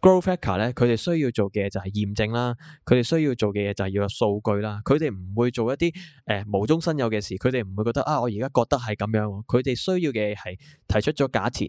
grow factor 咧，佢哋需要做嘅就係驗證啦，佢哋需要做嘅嘢就係要有數據啦，佢哋唔會做一啲誒、呃、無中生有嘅事，佢哋唔會覺得啊，我而家覺得係咁樣，佢哋需要嘅係提出咗假設。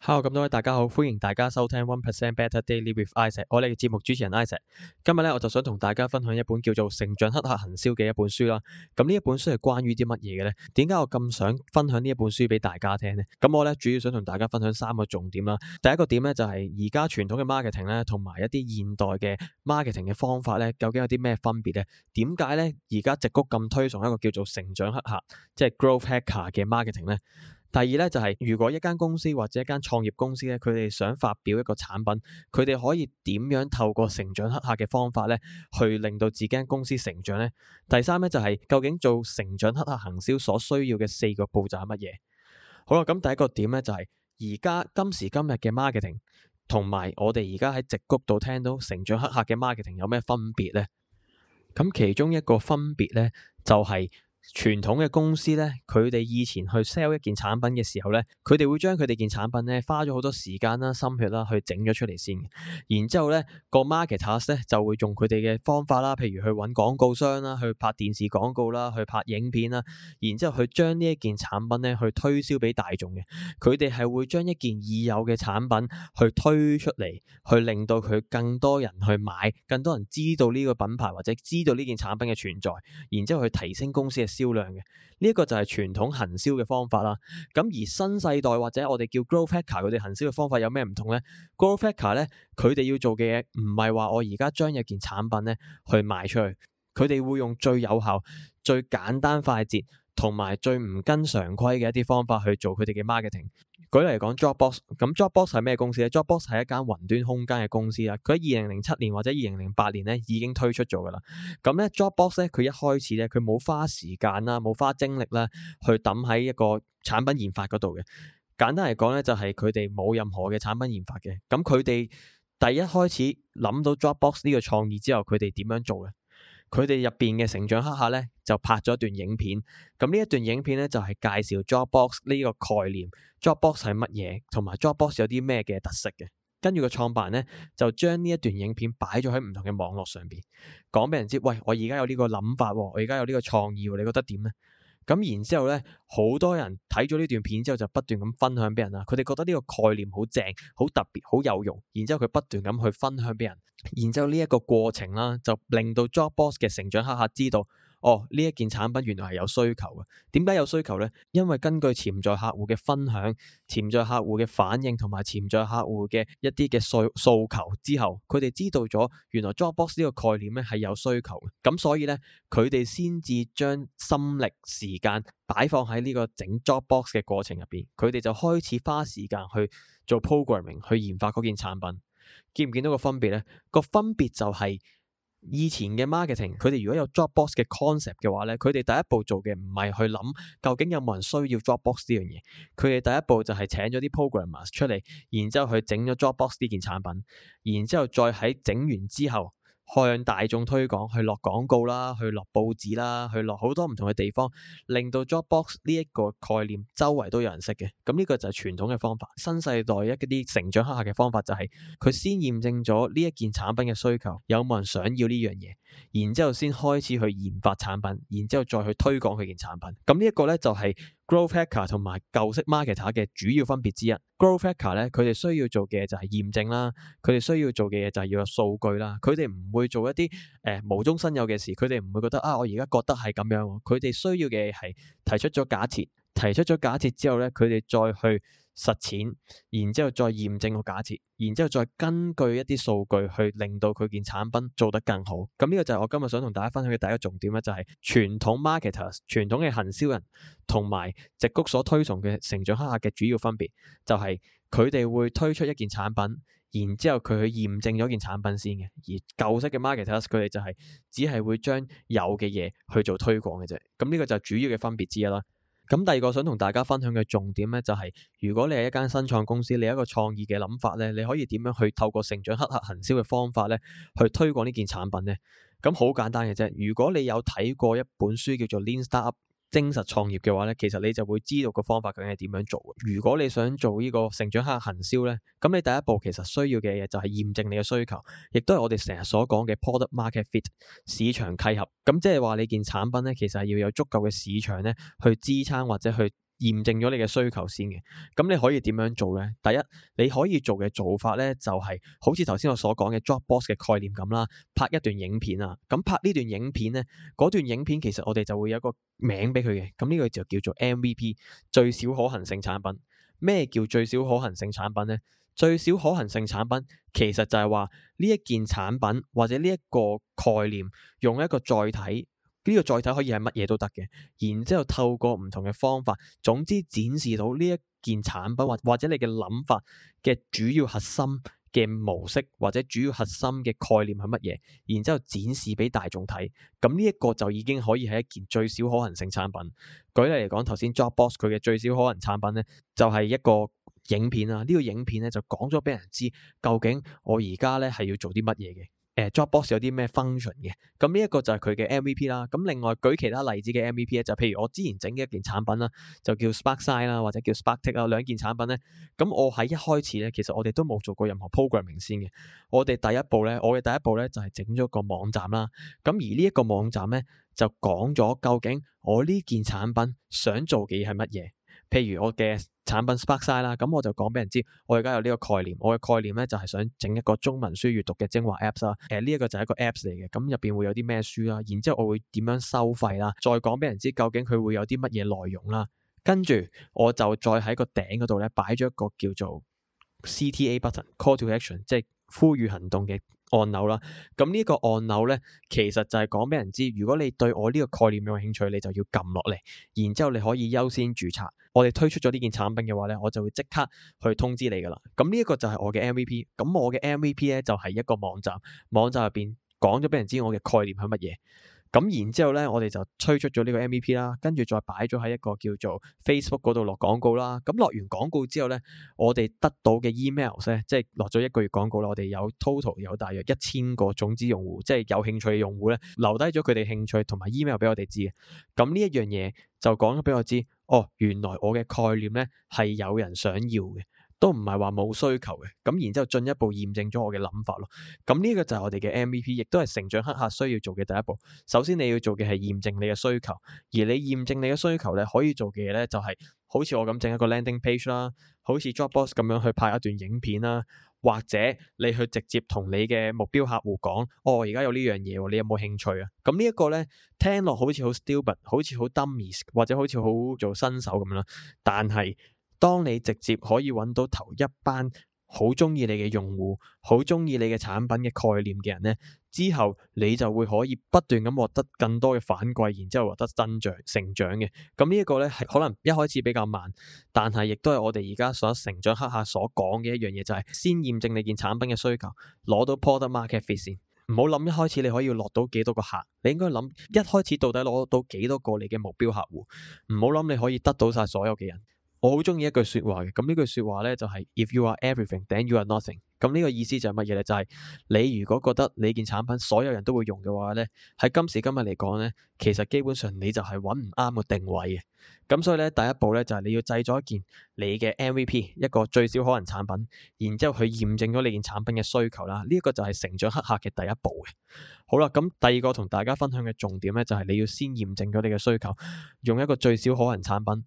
Hello 咁多位大家好，歡迎大家收聽 One Percent Better Daily with Isaac。我哋嘅節目主持人 Isaac。今日咧我就想同大家分享一本叫做《成長黑客行銷》嘅一本書啦。咁呢一本書係關於啲乜嘢嘅咧？點解我咁想分享呢一本書俾大家聽咧？咁我咧主要想同大家分享三個重點啦。第一個點咧就係而家傳統嘅 marketing 咧，同埋一啲現代嘅 marketing 嘅方法咧，究竟有啲咩分別咧？點解咧而家直谷咁推崇一個叫做成長黑客，即係 growth hacker 嘅 marketing 咧？第二咧就係、是、如果一間公司或者一間創業公司咧，佢哋想發表一個產品，佢哋可以點樣透過成長黑客嘅方法咧，去令到自己間公司成長咧？第三咧就係、是、究竟做成長黑客行銷所需要嘅四個步驟係乜嘢？好啦，咁、嗯、第一個點咧就係而家今時今日嘅 marketing 同埋我哋而家喺直谷度聽到成長黑客嘅 marketing 有咩分別咧？咁其中一個分別咧就係、是。傳統嘅公司咧，佢哋以前去 sell 一件產品嘅時候咧，佢哋會將佢哋件產品咧花咗好多時間啦、心血啦去整咗出嚟先，然之後咧、這個 market 咧就會用佢哋嘅方法啦，譬如去揾廣告商啦，去拍電視廣告啦，去拍影片啦，然之後去將呢一件產品咧去推銷俾大眾嘅，佢哋係會將一件已有嘅產品去推出嚟，去令到佢更多人去買，更多人知道呢個品牌或者知道呢件產品嘅存在，然之後去提升公司銷量嘅呢一個就係傳統行銷嘅方法啦，咁而新世代或者我哋叫 Growth Hacker 佢哋行銷嘅方法有咩唔同呢？Growth Hacker 咧，佢哋要做嘅嘢唔係話我而家將一件產品咧去賣出去，佢哋會用最有效、最簡單、快捷同埋最唔跟常規嘅一啲方法去做佢哋嘅 marketing。舉例嚟講，Dropbox 咁，Dropbox 係咩公司咧？Dropbox 係一間雲端空間嘅公司啊。佢喺二零零七年或者二零零八年咧已經推出咗噶啦。咁咧，Dropbox 咧佢一開始咧佢冇花時間啦，冇花精力啦，去抌喺一個產品研發嗰度嘅。簡單嚟講咧，就係佢哋冇任何嘅產品研發嘅。咁佢哋第一開始諗到 Dropbox 呢個創意之後，佢哋點樣做咧？佢哋入邊嘅成長黑客咧，就拍咗一段影片。咁呢一段影片咧，就係、是、介紹 Dropbox 呢個概念。Dropbox 係乜嘢？同埋 Dropbox 有啲咩嘅特色嘅？跟住個創辦人咧，就將呢一段影片擺咗喺唔同嘅網絡上邊，講俾人知。喂，我而家有呢個諗法，我而家有呢個創意，你覺得點咧？咁然之後呢，好多人睇咗呢段片之後，就不斷咁分享俾人啦。佢哋覺得呢個概念好正、好特別、好有用。然之後佢不斷咁去分享俾人，然之後呢一個過程啦，就令到 Dropbox 嘅成長黑客知道。哦，呢一件產品原來係有需求嘅，點解有需求咧？因為根據潛在客戶嘅分享、潛在客戶嘅反應同埋潛在客戶嘅一啲嘅訴訴求之後，佢哋知道咗原來 Dropbox 呢個概念咧係有需求嘅，咁所以咧佢哋先至將心力時間擺放喺呢個整 Dropbox 嘅過程入邊，佢哋就開始花時間去做 programming 去研發嗰件產品，見唔見到個分別咧？個分別就係、是。以前嘅 marketing，佢哋如果有 dropbox 嘅 concept 嘅話咧，佢哋第一步做嘅唔係去諗究竟有冇人需要 dropbox 呢樣嘢，佢哋第一步就係請咗啲 programmers 出嚟，然之後去整咗 dropbox 呢件產品，然之後再喺整完之後。向大眾推廣，去落廣告啦，去落報紙啦，去落好多唔同嘅地方，令到 Dropbox 呢一個概念周圍都有人識嘅。咁呢個就係傳統嘅方法，新世代一啲成長黑客嘅方法就係，佢先驗證咗呢一件產品嘅需求，有冇人想要呢樣嘢。然之後先開始去研發產品，然之後再去推廣佢件產品。咁呢一個咧就係 growth hacker 同埋舊式 marketer 嘅主要分別之一。growth hacker 咧，佢哋需要做嘅就係驗證啦，佢哋需要做嘅嘢就係要有數據啦，佢哋唔會做一啲誒、呃、無中生有嘅事，佢哋唔會覺得啊，我而家覺得係咁樣。佢哋需要嘅係提出咗假設，提出咗假設之後咧，佢哋再去。實踐，然之後再驗證個假設，然之後再根據一啲數據去令到佢件產品做得更好。咁呢個就係我今日想同大家分享嘅第一個重點啦，就係傳統 marketers、傳統嘅行銷人同埋直谷所推崇嘅成長黑客嘅主要分別，就係佢哋會推出一件產品，然之後佢去驗證咗件產品先嘅。而舊式嘅 marketers 佢哋就係只係會將有嘅嘢去做推廣嘅啫。咁呢個就係主要嘅分別之一啦。咁第二個想同大家分享嘅重點呢、就是，就係如果你係一間新創公司，你有一個創意嘅諗法咧，你可以點樣去透過成長黑客行銷嘅方法呢去推廣呢件產品呢？咁好簡單嘅啫。如果你有睇過一本書叫做《Lean Startup》。真實創業嘅話咧，其實你就會知道個方法究竟係點樣做。如果你想做呢個成長駭客行銷咧，咁你第一步其實需要嘅嘢就係驗證你嘅需求，亦都係我哋成日所講嘅 product market fit 市場契合。咁即係話你件產品咧，其實係要有足夠嘅市場咧去支撐或者去。驗證咗你嘅需求先嘅，咁你可以點樣做咧？第一，你可以做嘅做法咧、就是，就係好似頭先我所講嘅 Dropbox 嘅概念咁啦，拍一段影片啊。咁拍呢段影片咧，嗰段影片其實我哋就會有一個名畀佢嘅。咁、這、呢個就叫做 MVP 最少可行性產品。咩叫最少可行性產品咧？最少可行性產品其實就係話呢一件產品或者呢一個概念用一個載體。呢個載體可以係乜嘢都得嘅，然之後透過唔同嘅方法，總之展示到呢一件產品或或者你嘅諗法嘅主要核心嘅模式，或者主要核心嘅概念係乜嘢，然之後展示俾大眾睇，咁呢一個就已經可以係一件最小可行性產品。舉例嚟講，頭先 Dropbox 佢嘅最小可行產品咧，就係一個影片啦。呢個影片咧就講咗俾人知，究竟我而家咧係要做啲乜嘢嘅。誒 Dropbox 有啲咩 function 嘅？咁呢一個就係佢嘅 MVP 啦。咁另外舉其他例子嘅 MVP 咧，就是，譬如我之前整嘅一件產品啦，就叫 Sparkside 啦，或者叫 Sparktic 啦，兩件產品咧。咁我喺一開始咧，其實我哋都冇做過任何 programming 先嘅。我哋第一步咧，我嘅第一步咧就係整咗個網站啦。咁而呢一個網站咧就講咗究竟我呢件產品想做嘅係乜嘢，譬如我嘅產品 Spark 包曬啦，咁我就講俾人知，我而家有呢個概念，我嘅概念咧就係想整一個中文書閱讀嘅精華 Apps 啦，呃，誒，呢一個就係一個 Apps 嚟嘅，咁入邊會有啲咩書啦，然之後我會點樣收費啦，再講俾人知究竟佢會有啲乜嘢內容啦。跟住我就再喺個頂嗰度咧擺咗一個叫做 CTA button，call to action，即係呼籲行動嘅按鈕啦，咁、這、呢個按鈕呢，其實就係講俾人知，如果你對我呢個概念有興趣，你就要撳落嚟，然之後你可以優先注冊。我哋推出咗呢件產品嘅話呢，我就會即刻去通知你噶啦。咁呢一個就係我嘅 MVP，咁我嘅 MVP 呢，就係、是、一個網站，網站入邊講咗俾人知我嘅概念係乜嘢。咁然之後咧，我哋就推出咗呢個 MVP 啦，跟住再擺咗喺一個叫做 Facebook 嗰度落廣告啦。咁落完廣告之後咧，我哋得到嘅 Email 咧，即係落咗一個月廣告啦，我哋有 total 有大約一千個種子用戶，即係有興趣嘅用戶咧，留低咗佢哋興趣同埋 Email 俾我哋知。咁呢一樣嘢就講俾我知，哦，原來我嘅概念咧係有人想要嘅。都唔係話冇需求嘅，咁然之後進一步驗證咗我嘅諗法咯。咁、這、呢個就係我哋嘅 MVP，亦都係成長黑客需要做嘅第一步。首先你要做嘅係驗證你嘅需求，而你驗證你嘅需求咧，可以做嘅嘢咧就係、是，好似我咁整一個 landing page 啦，好似 Dropbox 咁樣去拍一段影片啦，或者你去直接同你嘅目標客戶講，哦，而家有呢樣嘢，你有冇興趣啊？咁呢一個咧，聽落好似好 stupid，好似好 dummies，或者好似好做新手咁樣啦，但係。當你直接可以揾到頭一班好鍾意你嘅用戶，好鍾意你嘅產品嘅概念嘅人呢，之後你就會可以不斷咁獲得更多嘅反饋，然之後獲得增長、成長嘅。咁、嗯這個、呢一個咧係可能一開始比較慢，但係亦都係我哋而家所成長黑客所講嘅一樣嘢，就係、是、先驗證你件產品嘅需求，攞到 product market fit 先。唔好諗一開始你可以落到幾多個客，你應該諗一開始到底攞到幾多個你嘅目標客戶。唔好諗你可以得到晒所有嘅人。我好中意一句說話嘅，咁呢句說話咧就係 If you are everything, then you are nothing。咁呢個意思就係乜嘢咧？就係、是、你如果覺得你件產品所有人都會用嘅話咧，喺今時今日嚟講咧，其實基本上你就係揾唔啱個定位嘅。咁所以咧，第一步咧就係你要製作一件你嘅 MVP，一個最少可能產品，然之後去驗證咗你件產品嘅需求啦。呢、這、一個就係成長黑客嘅第一步嘅。好啦，咁第二個同大家分享嘅重點咧，就係你要先驗證咗你嘅需求，用一個最少可能產品。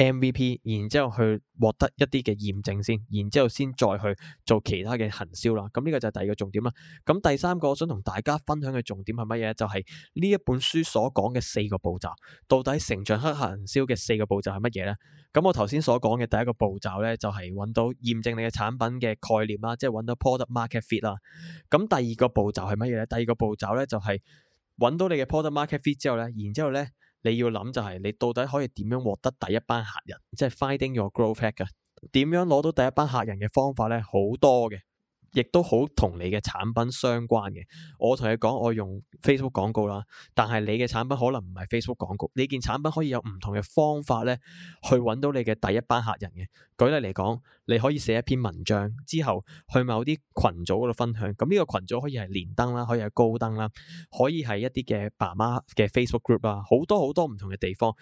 MVP，然之後去獲得一啲嘅驗證先，然之後先再去做其他嘅行銷啦。咁呢個就係第二個重點啦。咁第三個我想同大家分享嘅重點係乜嘢？就係呢一本書所講嘅四個步驟，到底成長黑客行銷嘅四個步驟係乜嘢呢？咁我頭先所講嘅第一個步驟呢，就係揾到驗證你嘅產品嘅概念啦，即係揾到 product market fit 啦。咁第二個步驟係乜嘢呢？第二個步驟呢，就係揾到你嘅 product market fit 之後呢。然之後呢。你要諗就係，你到底可以點樣獲得第一班客人？即係 finding your growth track 嘅，點樣攞到第一班客人嘅方法咧，好多嘅。亦都好同你嘅產品相關嘅。我同你講，我用 Facebook 廣告啦，但係你嘅產品可能唔係 Facebook 廣告。你件產品可以有唔同嘅方法咧，去揾到你嘅第一班客人嘅。舉例嚟講，你可以寫一篇文章之後，去某啲群組度分享。咁呢個群組可以係連登啦，可以係高登啦，可以係一啲嘅爸爸媽媽嘅 Facebook group 啦，好多好多唔同嘅地方。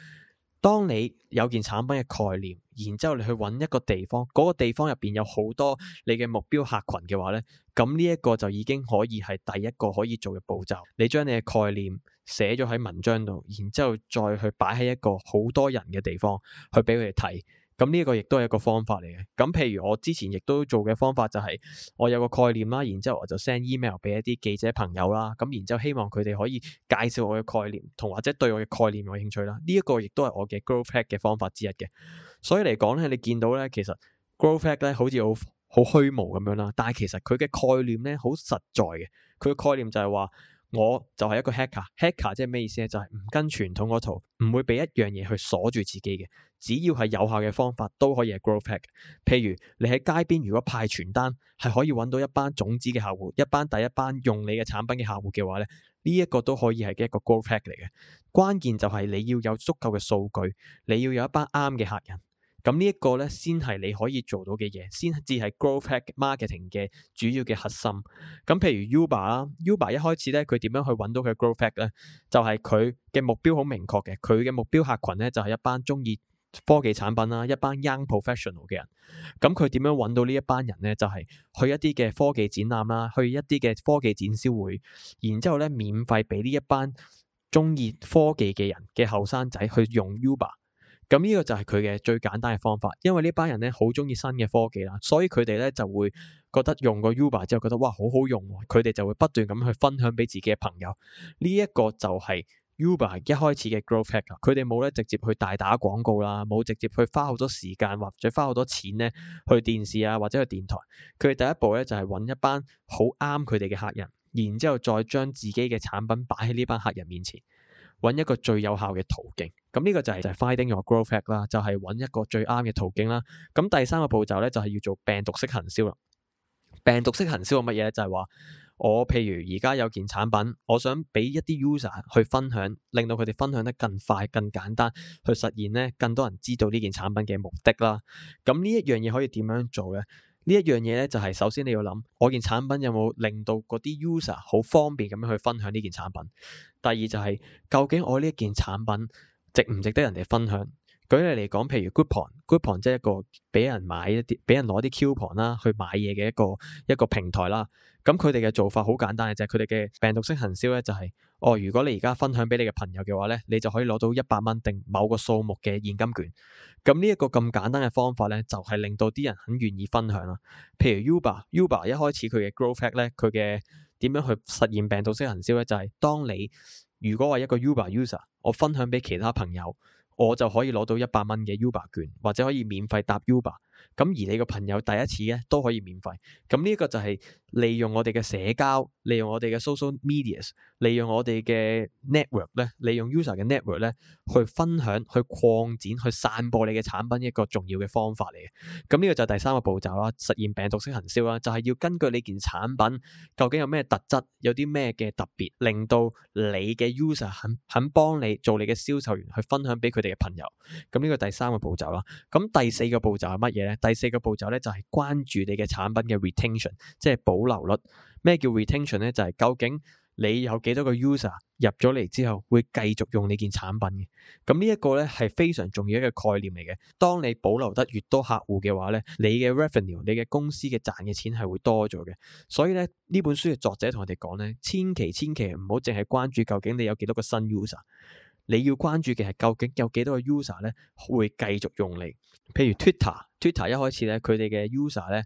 當你有件產品嘅概念，然之後你去揾一個地方，嗰個地方入邊有好多你嘅目標客群嘅話咧，咁呢一個就已經可以係第一個可以做嘅步驟。你將你嘅概念寫咗喺文章度，然之後再去擺喺一個好多人嘅地方去畀佢哋睇。咁呢一個亦都係一個方法嚟嘅。咁譬如我之前亦都做嘅方法就係，我有個概念啦，然之後我就 send email 俾一啲記者朋友啦。咁然之後希望佢哋可以介紹我嘅概念，同或者對我嘅概念有興趣啦。呢一個亦都係我嘅 growth hack 嘅方法之一嘅。所以嚟講咧，你見到咧，其實 growth hack 咧好似好好虛無咁樣啦，但係其實佢嘅概念咧好實在嘅。佢嘅概念就係話。我就係一個 hacker，hacker 即係咩意思咧？就係、是、唔跟傳統嗰套，唔會俾一樣嘢去鎖住自己嘅。只要係有效嘅方法，都可以係 growth hack。譬如你喺街邊如果派傳單，係可以揾到一班種子嘅客戶，一班第一班用你嘅產品嘅客戶嘅話咧，呢、這、一個都可以係一個 growth hack 嚟嘅。關鍵就係你要有足夠嘅數據，你要有一班啱嘅客人。咁呢一個咧，先係你可以做到嘅嘢，先至係 growth hack marketing 嘅主要嘅核心。咁譬如 Uber 啦，Uber 一開始咧，佢點樣去揾到佢 growth hack 呢？就係佢嘅目標好明確嘅，佢嘅目標客群咧就係、是、一班中意科技產品啦，一班 young professional 嘅人。咁佢點樣揾到呢一班人咧？就係、是、去一啲嘅科技展覽啦，去一啲嘅科技展銷會，然之後咧免費俾呢一班中意科技嘅人嘅後生仔去用 Uber。咁呢個就係佢嘅最簡單嘅方法，因為呢班人咧好中意新嘅科技啦，所以佢哋咧就會覺得用過 Uber 之後覺得哇好好用，佢哋就會不斷咁去分享俾自己嘅朋友。呢、這、一個就係 Uber 一開始嘅 growth hack，佢哋冇咧直接去大打廣告啦，冇直接去花好多時間或者花好多錢咧去電視啊或者去電台。佢哋第一步咧就係揾一班好啱佢哋嘅客人，然之後再將自己嘅產品擺喺呢班客人面前，揾一個最有效嘅途徑。咁呢個就係 finding your growth hack 啦，就係揾一個最啱嘅途徑啦。咁第三個步驟咧就係要做病毒式行銷啦。病毒式行銷係乜嘢咧？就係話我譬如而家有件產品，我想俾一啲 user 去分享，令到佢哋分享得更快、更簡單，去實現咧更多人知道呢件產品嘅目的啦。咁呢一樣嘢可以點樣做嘅？呢一樣嘢咧就係首先你要諗，我件產品有冇令到嗰啲 user 好方便咁樣去分享呢件產品？第二就係究竟我呢一件產品。值唔值得人哋分享？舉例嚟講，譬如 Groupon，Groupon 即係一個俾人買一啲，俾人攞啲 coupon 啦，去買嘢嘅一個一個平台啦。咁佢哋嘅做法好簡單嘅，就係佢哋嘅病毒式行銷咧，就係、是、哦，如果你而家分享俾你嘅朋友嘅話咧，你就可以攞到一百蚊定某個數目嘅現金券。咁呢一個咁簡單嘅方法咧，就係、是、令到啲人很願意分享啦。譬如 Uber，Uber 一開始佢嘅 growth hack 咧，佢嘅點樣去實現病毒式行銷咧，就係、是、當你。如果我係一個 Uber user，我分享俾其他朋友，我就可以攞到一百蚊嘅 Uber 券，或者可以免費搭 Uber。.咁而你個朋友第一次咧都可以免費，咁呢個就係利用我哋嘅社交，利用我哋嘅 social media，利用我哋嘅 network 咧，利用 user 嘅 network 咧去分享、去擴展、去散播你嘅產品一個重要嘅方法嚟嘅。咁呢個就係第三個步驟啦，實現病毒式行銷啦，就係要根據你件產品究竟有咩特質，有啲咩嘅特別，令到你嘅 user 肯肯幫你做你嘅銷售員去分享俾佢哋嘅朋友。咁呢個第三個步驟啦，咁第四個步驟係乜嘢？第四個步驟咧就係關注你嘅產品嘅 retention，即係保留率。咩叫 retention 咧？就係、是、究竟你有幾多個 user 入咗嚟之後會繼續用你件產品嘅？咁呢一個咧係非常重要一個概念嚟嘅。當你保留得越多客戶嘅話咧，你嘅 revenue、你嘅公司嘅賺嘅錢係會多咗嘅。所以咧呢本書嘅作者同我哋講咧，千祈千祈唔好淨係關注究竟你有幾多個新 user。你要關注嘅係究竟有幾多個 user 咧會繼續用你。譬如 Twitter，Twitter 一開始咧佢哋嘅 user 咧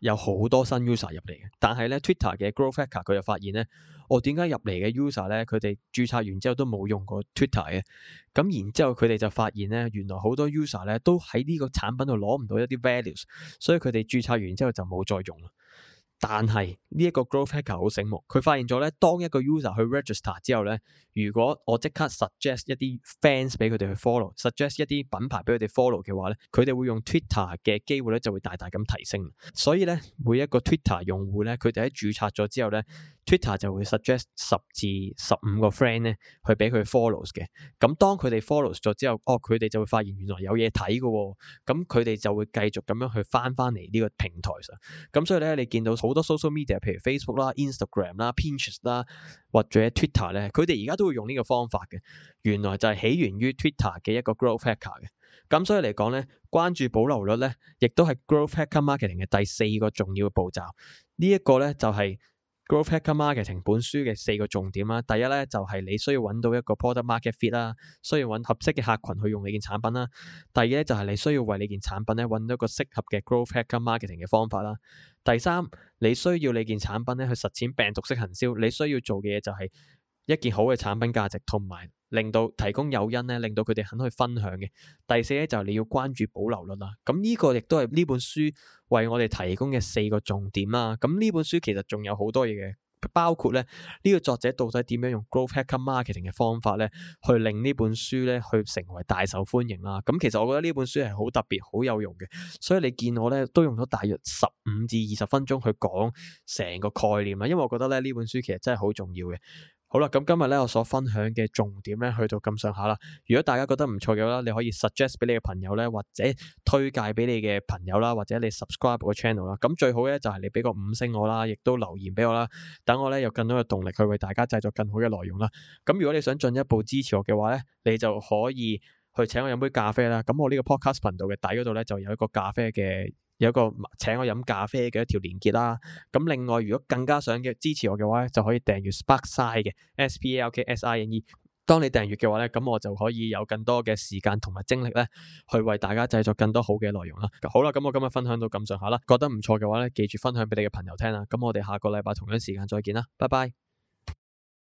有好多新 user 入嚟嘅，但係咧 Twitter 嘅 growth hacker、e、佢就發現咧，哦，點解入嚟嘅 user 咧佢哋註冊完之後都冇用過 Twitter 嘅？咁然之後佢哋就發現咧，原來好多 user 咧都喺呢個產品度攞唔到一啲 values，所以佢哋註冊完之後就冇再用啦。但係呢一個 growth hacker 好醒目，佢發現咗咧，當一個 user 去 register 之後咧，如果我即刻 suggest 一啲 fans 俾佢哋去 follow，suggest 一啲品牌俾佢哋 follow 嘅話咧，佢哋會用 twitter 嘅機會咧就會大大咁提升。所以咧，每一個 twitter 用戶咧，佢哋喺注冊咗之後咧。Twitter 就會 suggest 十至十五個 friend 咧，去俾佢 follows 嘅。咁當佢哋 follows 咗之後，哦，佢哋就會發現原來有嘢睇嘅喎。咁佢哋就會繼續咁樣去返返嚟呢個平台上。咁所以咧，你見到好多 social media，譬如 Facebook 啦、Instagram 啦、Pinterest 啦，或者 Twitter 咧，佢哋而家都會用呢個方法嘅。原來就係起源於 Twitter 嘅一個 growth hacker 嘅。咁所以嚟講咧，關注保留率咧，亦都係 growth hacker marketing 嘅第四個重要嘅步驟。這個、呢一個咧就係、是。Growth Hacker Marketing 本書嘅四個重點啦，第一咧就係你需要揾到一個 Product Market Fit 啦，需要揾合適嘅客群去用你件產品啦，第二咧就係你需要為你件產品咧揾到一個適合嘅 Growth Hacker Marketing 嘅方法啦，第三，你需要你件產品咧去實踐病毒式行銷，你需要做嘅嘢就係、是。一件好嘅產品價值，同埋令到提供誘因咧，令到佢哋肯去分享嘅。第四咧就係你要關注保留率啦。咁呢個亦都係呢本書為我哋提供嘅四個重點啦。咁呢本書其實仲有好多嘢嘅，包括咧呢個作者到底點樣用 Growth Hacker Marketing 嘅方法咧，去令呢本書咧去成為大受歡迎啦。咁其實我覺得呢本書係好特別、好有用嘅。所以你見我咧都用咗大約十五至二十分鐘去講成個概念啦，因為我覺得咧呢本書其實真係好重要嘅。好啦，咁今日咧我所分享嘅重點咧去到咁上下啦。如果大家覺得唔錯嘅話，你可以 suggest 俾你嘅朋友咧，或者推介俾你嘅朋友啦，或者你 subscribe 個 channel 啦。咁最好咧就係你畀個五星我啦，亦都留言畀我啦，等我咧有更多嘅動力去為大家製作更好嘅內容啦。咁如果你想進一步支持我嘅話咧，你就可以去請我飲杯咖啡啦。咁我呢個 podcast 頻道嘅底嗰度咧就有一個咖啡嘅。有一個請我飲咖啡嘅一條連結啦，咁另外如果更加想嘅支持我嘅話，就可以訂閱 Sparkside 嘅 Sparkside, S P A R K S I N E。當你訂閱嘅話呢，咁我就可以有更多嘅時間同埋精力呢，去為大家製作更多好嘅內容啦。好啦，咁我今日分享到咁上下啦，覺得唔錯嘅話呢，記住分享俾你嘅朋友聽啦。咁我哋下個禮拜同樣時間再見啦，拜拜。